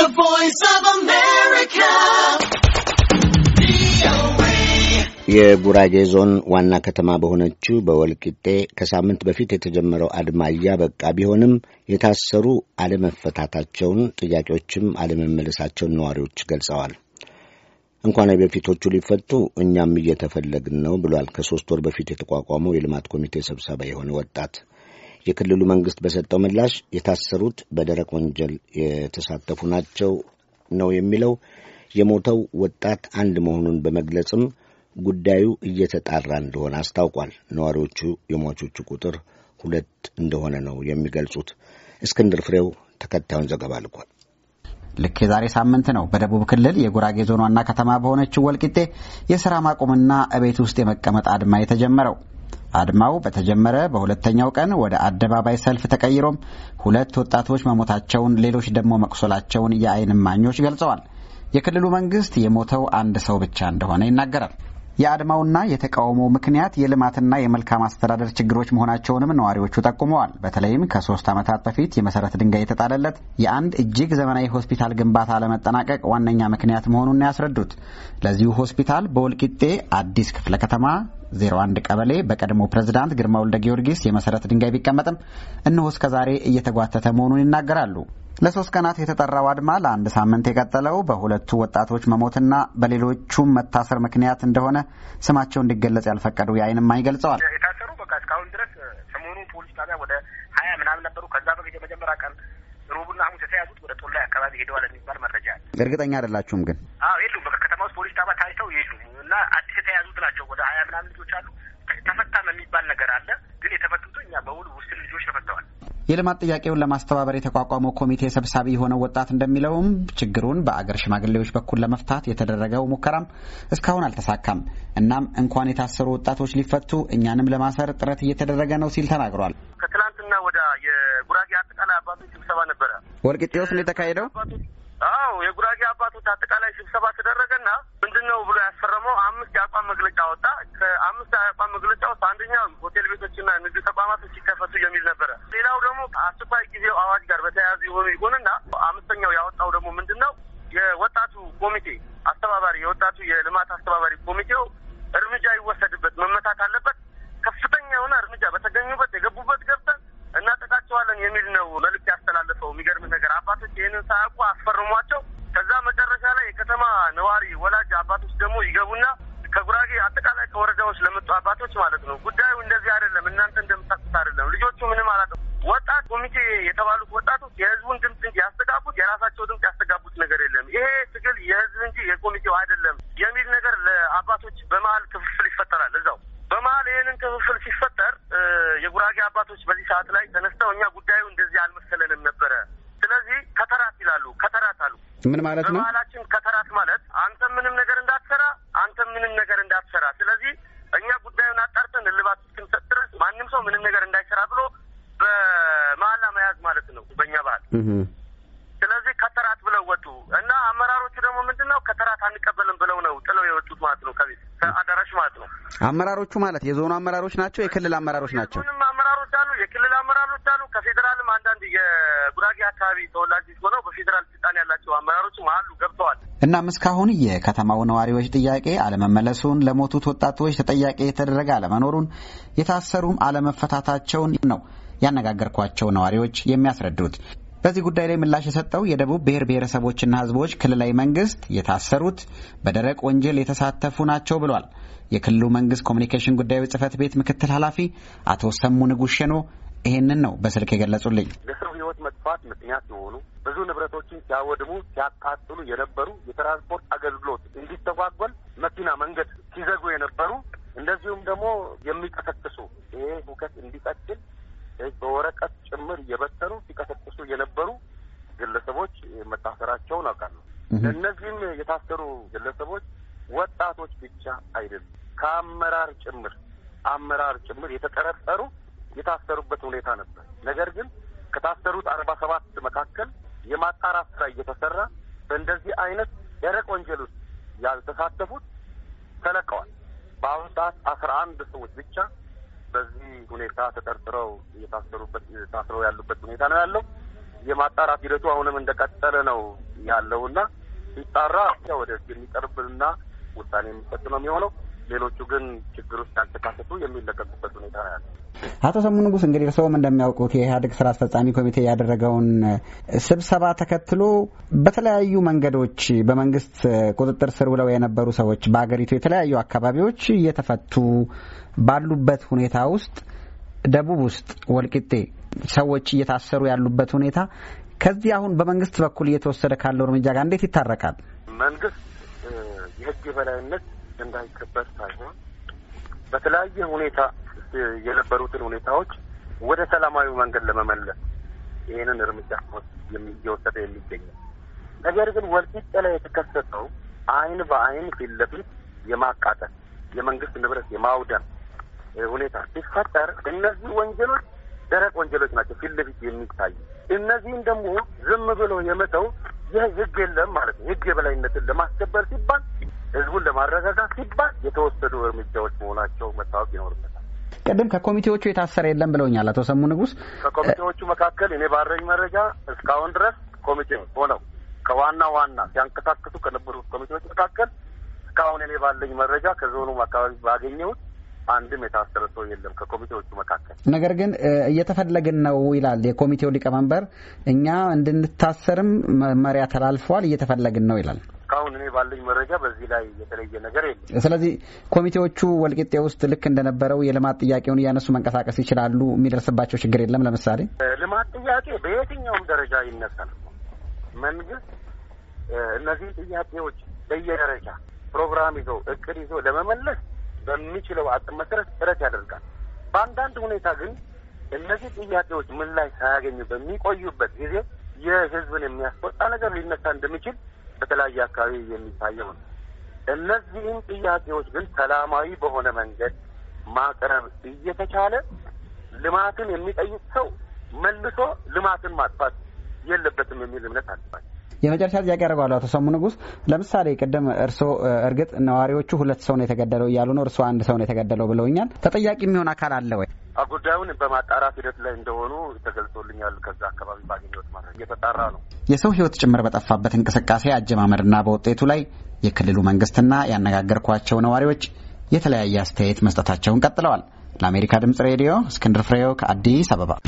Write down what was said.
The Voice of America. የጉራጌ ዞን ዋና ከተማ በሆነችው በወልቂጤ ከሳምንት በፊት የተጀመረው አድማ እያበቃ ቢሆንም የታሰሩ አለመፈታታቸውን፣ ጥያቄዎችም አለመመለሳቸውን ነዋሪዎች ገልጸዋል። እንኳን በፊቶቹ ሊፈቱ እኛም እየተፈለግን ነው ብሏል ከሶስት ወር በፊት የተቋቋመው የልማት ኮሚቴ ስብሰባ የሆነ ወጣት የክልሉ መንግስት በሰጠው ምላሽ የታሰሩት በደረቅ ወንጀል የተሳተፉ ናቸው ነው የሚለው። የሞተው ወጣት አንድ መሆኑን በመግለጽም ጉዳዩ እየተጣራ እንደሆነ አስታውቋል። ነዋሪዎቹ የሟቾቹ ቁጥር ሁለት እንደሆነ ነው የሚገልጹት። እስክንድር ፍሬው ተከታዩን ዘገባ ልኳል። ልክ የዛሬ ሳምንት ነው በደቡብ ክልል የጉራጌ ዞን ዋና ከተማ በሆነችው ወልቂጤ የሥራ ማቆምና እቤት ውስጥ የመቀመጥ አድማ የተጀመረው። አድማው በተጀመረ በሁለተኛው ቀን ወደ አደባባይ ሰልፍ ተቀይሮም ሁለት ወጣቶች መሞታቸውን፣ ሌሎች ደግሞ መቁሰላቸውን የአይን እማኞች ገልጸዋል። የክልሉ መንግስት የሞተው አንድ ሰው ብቻ እንደሆነ ይናገራል። የአድማውና የተቃውሞው ምክንያት የልማትና የመልካም አስተዳደር ችግሮች መሆናቸውንም ነዋሪዎቹ ጠቁመዋል። በተለይም ከሶስት ዓመታት በፊት የመሰረት ድንጋይ የተጣለለት የአንድ እጅግ ዘመናዊ ሆስፒታል ግንባታ ለመጠናቀቅ ዋነኛ ምክንያት መሆኑን ያስረዱት ለዚሁ ሆስፒታል በወልቂጤ አዲስ ክፍለ ከተማ 01 ቀበሌ በቀድሞ ፕሬዝዳንት ግርማ ወልደ ጊዮርጊስ የመሰረት ድንጋይ ቢቀመጥም እነሆ እስከ ዛሬ እየተጓተተ መሆኑን ይናገራሉ። ለሶስት ቀናት የተጠራው አድማ ለአንድ ሳምንት የቀጠለው በሁለቱ ወጣቶች መሞትና በሌሎቹም መታሰር ምክንያት እንደሆነ ስማቸው እንዲገለጽ ያልፈቀዱ የዓይን እማኝ ገልጸዋል። የታሰሩ በቃ እስካሁን ድረስ ሰሞኑን ፖሊስ ጣቢያ ወደ ሀያ ምናምን ነበሩ። ከዛ በፊት የመጀመሪያ ቀን ሮቡና ሐሙስ የተያዙት ወደ ጦላይ አካባቢ ሄደዋል የሚባል መረጃ አለ። እርግጠኛ አይደላችሁም ግን? አዎ የሉም ምናምን ልጆች አሉ። ተፈታም የሚባል ነገር አለ። ግን የተፈቱት እኛ በውል ውስን ልጆች ተፈተዋል። የልማት ጥያቄውን ለማስተባበር የተቋቋመው ኮሚቴ ሰብሳቢ የሆነው ወጣት እንደሚለውም ችግሩን በአገር ሽማግሌዎች በኩል ለመፍታት የተደረገው ሙከራም እስካሁን አልተሳካም። እናም እንኳን የታሰሩ ወጣቶች ሊፈቱ እኛንም ለማሰር ጥረት እየተደረገ ነው ሲል ተናግሯል። ከትላንትና ወደ የጉራጌ አጠቃላይ አባቶች ስብሰባ ነበረ ወልቂጤ ውስጥ ነው የተካሄደው። አዎ የጉራጌ አባቶች አጠቃላይ ስብሰባ ተደረገና ምንድን ነው ብሎ ያስፈረመው አምስት የአቋም መግለጫ ወጣ። ከአምስት የአቋም መግለጫ ውስጥ አንደኛው ሆቴል ቤቶችና ንግድ ተቋማቶች ሲከፈቱ የሚል ነበረ። ሌላው ደግሞ አስቸኳይ ጊዜው አዋጅ ጋር በተያያዙ የሆኑ ይሆንና አምስተኛው ያወጣው ደግሞ ምንድን ነው የወጣቱ ኮሚቴ አስተባባሪ የወጣቱ የልማት አስተባባሪ ኮሚቴው እርምጃ ይወሰድበት መመታት አለበት ከፍተኛ የሆነ እርምጃ በተገኙበት የገቡበት ገብተን እናጠቃቸዋለን የሚል ነው መልዕክት ያስተላለፈው። የሚገርም ነገር ይህንን ሳያውቁ አስፈርሟቸው ከዛ መጨረሻ ላይ የከተማ ነዋሪ ወላጅ አባቶች ደግሞ ይገቡና ከጉራጌ አጠቃላይ ከወረዳዎች ለመጡ አባቶች ማለት ነው ጉዳዩ እንደዚህ አይደለም፣ እናንተ እንደምታውቁት አይደለም፣ ልጆቹ ምንም አላጠ ወጣት ኮሚቴ የተባሉት ወጣቶች የህዝቡን ድምፅ እንጂ ያስተጋቡት የራሳቸው ድምፅ ያስተጋቡት ነገር የለም። ይሄ ትግል የህዝብ እንጂ የኮሚቴው አይደለም የሚል ነገር ለአባቶች በመሀል ክፍፍል ይፈጠራል። እዛው በመሀል ይህንን ክፍፍል ሲፈጠር የጉራጌ አባቶች በዚህ ሰዓት ላይ ተነስተው እኛ ጉዳዩ እንደዚህ አልመሰለንም ነበረ ስለዚህ ከተራት ይላሉ። ከተራት አሉ። ምን ማለት ነው? በባህላችን ከተራት ማለት አንተ ምንም ነገር እንዳትሰራ፣ አንተ ምንም ነገር እንዳትሰራ። ስለዚህ እኛ ጉዳዩን አጣርተን እልባት እስክንሰጥ ድረስ ማንም ሰው ምንም ነገር እንዳይሰራ ብሎ በመሀላ መያዝ ማለት ነው በእኛ ባህል። ስለዚህ ከተራት ብለው ወጡ እና አመራሮቹ ደግሞ ምንድን ነው ከተራት አንቀበልም ብለው ነው ጥለው የወጡት ማለት ነው ከቤት ከአዳራሽ ማለት ነው። አመራሮቹ ማለት የዞኑ አመራሮች ናቸው፣ የክልል አመራሮች ናቸው። አመራሮች አሉ። ከፌዴራልም አንዳንድ የጉራጌ አካባቢ ተወላጅ ሆነው በፌዴራል ስልጣን ያላቸው አመራሮችም አሉ ገብተዋል። እናም እስካሁን የከተማው ነዋሪዎች ጥያቄ አለመመለሱን፣ ለሞቱት ወጣቶች ተጠያቂ የተደረገ አለመኖሩን፣ የታሰሩም አለመፈታታቸውን ነው ያነጋገርኳቸው ነዋሪዎች የሚያስረዱት። በዚህ ጉዳይ ላይ ምላሽ የሰጠው የደቡብ ብሔር ብሔረሰቦችና ሕዝቦች ክልላዊ መንግስት የታሰሩት በደረቅ ወንጀል የተሳተፉ ናቸው ብሏል። የክልሉ መንግስት ኮሚኒኬሽን ጉዳዮች ጽህፈት ቤት ምክትል ኃላፊ አቶ ሰሙ ንጉሸኖ ይሄንን ነው በስልክ የገለጹልኝ። ለሰው ህይወት መጥፋት ምክንያት የሆኑ ብዙ ንብረቶችን ሲያወድሙ ሲያቃጥሉ የነበሩ የትራንስፖርት አገልግሎት እንዲተጓጎል መኪና መንገድ ሲዘጉ የነበሩ እንደዚሁም ደግሞ የሚቀሰቅሱ ይሄ ሁከት እንዲቀጥል በወረቀት ጭምር እየበተኑ ሲቀሰቅሱ የነበሩ ግለሰቦች መታሰራቸውን አውቃለሁ። እነዚህም የታሰሩ ግለሰቦች ወጣቶች ብቻ አይደሉም፣ ከአመራር ጭምር አመራር ጭምር የተጠረጠሩ የታሰሩበት ሁኔታ ነበር። ነገር ግን ከታሰሩት አርባ ሰባት መካከል የማጣራት ስራ እየተሰራ በእንደዚህ አይነት ደረቅ ወንጀል ውስጥ ያልተሳተፉት ተለቀዋል። በአሁኑ ሰዓት አስራ አንድ ሰዎች ብቻ በዚህ ሁኔታ ተጠርጥረው የታሰሩበት ታስረው ያሉበት ሁኔታ ነው ያለው። የማጣራት ሂደቱ አሁንም እንደቀጠለ ነው ያለውና ሲጣራ ወደ የሚቀርብና ውሳኔ የሚሰጥ ነው የሚሆነው። ሌሎቹ ግን ችግር ውስጥ ያልተካተቱ የሚለቀቁበት ሁኔታ ነው ያለ። አቶ ሰሙ ንጉስ እንግዲህ እርስዎም እንደሚያውቁት የኢህአዴግ ስራ አስፈጻሚ ኮሚቴ ያደረገውን ስብሰባ ተከትሎ በተለያዩ መንገዶች በመንግስት ቁጥጥር ስር ውለው የነበሩ ሰዎች በአገሪቱ የተለያዩ አካባቢዎች እየተፈቱ ባሉበት ሁኔታ ውስጥ ደቡብ ውስጥ ወልቂጤ ሰዎች እየታሰሩ ያሉበት ሁኔታ ከዚህ አሁን በመንግስት በኩል እየተወሰደ ካለው እርምጃ ጋር እንዴት ይታረቃል? መንግስት የህግ የበላይነት እንዳይከበር ሳይሆን በተለያየ ሁኔታ የነበሩትን ሁኔታዎች ወደ ሰላማዊ መንገድ ለመመለስ ይህንን እርምጃ እየወሰደ የሚገኘው። ነገር ግን ወልቂጤ ላይ የተከሰተው አይን በአይን ፊት ለፊት የማቃጠል የመንግስት ንብረት የማውደም ሁኔታ ሲፈጠር እነዚህ ወንጀሎች ደረቅ ወንጀሎች ናቸው ፊት ለፊት የሚታዩ። እነዚህም ደግሞ ዝም ብሎ የመተው ይህ ህግ የለም ማለት ነው። ህግ የበላይነትን ለማስከበር ሲባል ህዝቡን ለማረጋጋት ሲባል የተወሰዱ እርምጃዎች መሆናቸው መታወቅ ይኖርበታል። ቀደም ከኮሚቴዎቹ የታሰረ የለም ብለውኛል አቶ ሰሙ ንጉስ። ከኮሚቴዎቹ መካከል እኔ ባረኝ መረጃ እስካሁን ድረስ ኮሚቴ ሆነው ከዋና ዋና ሲያንቀሳቅሱ ከነበሩት ኮሚቴዎች መካከል እስካሁን እኔ ባለኝ መረጃ ከዞኑም አካባቢ ባገኘሁት አንድም የታሰረ ሰው የለም ከኮሚቴዎቹ መካከል። ነገር ግን እየተፈለግን ነው ይላል የኮሚቴው ሊቀመንበር። እኛ እንድንታሰርም መመሪያ ተላልፏል፣ እየተፈለግን ነው ይላል። እስካሁን እኔ ባለኝ መረጃ በዚህ ላይ የተለየ ነገር የለም። ስለዚህ ኮሚቴዎቹ ወልቂጤ ውስጥ ልክ እንደነበረው የልማት ጥያቄውን እያነሱ መንቀሳቀስ ይችላሉ። የሚደርስባቸው ችግር የለም። ለምሳሌ ልማት ጥያቄ በየትኛውም ደረጃ ይነሳል። መንግስት እነዚህ ጥያቄዎች በየደረጃ ፕሮግራም ይዞ እቅድ ይዞ ለመመለስ በሚችለው አቅም መሰረት ጥረት ያደርጋል። በአንዳንድ ሁኔታ ግን እነዚህ ጥያቄዎች ምላሽ ሳያገኙ በሚቆዩበት ጊዜ የህዝብን የሚያስቆጣ ነገር ሊነሳ እንደሚችል በተለያየ አካባቢ የሚታየው ነው። እነዚህም ጥያቄዎች ግን ሰላማዊ በሆነ መንገድ ማቅረብ እየተቻለ ልማትን የሚጠይቅ ሰው መልሶ ልማትን ማጥፋት የለበትም የሚል እምነት አለባቸው። የመጨረሻ ጥያቄ ያደርገዋለሁ። አቶ ሰሙ ንጉስ፣ ለምሳሌ ቅድም እርስዎ እርግጥ ነዋሪዎቹ ሁለት ሰው ነው የተገደለው እያሉ ነው፣ እርስዎ አንድ ሰው ነው የተገደለው ብለውኛል። ተጠያቂ የሚሆን አካል አለ ወይ? ጉዳዩን በማጣራት ሂደት ላይ እንደሆኑ ተገልጾልኛል። ከዛ አካባቢ ባገኘ እየተጣራ ነው። የሰው ህይወት ጭምር በጠፋበት እንቅስቃሴ አጀማመርና በውጤቱ ላይ የክልሉ መንግስትና ያነጋገርኳቸው ነዋሪዎች የተለያየ አስተያየት መስጠታቸውን ቀጥለዋል። ለአሜሪካ ድምጽ ሬዲዮ እስክንድር ፍሬው ከአዲስ አበባ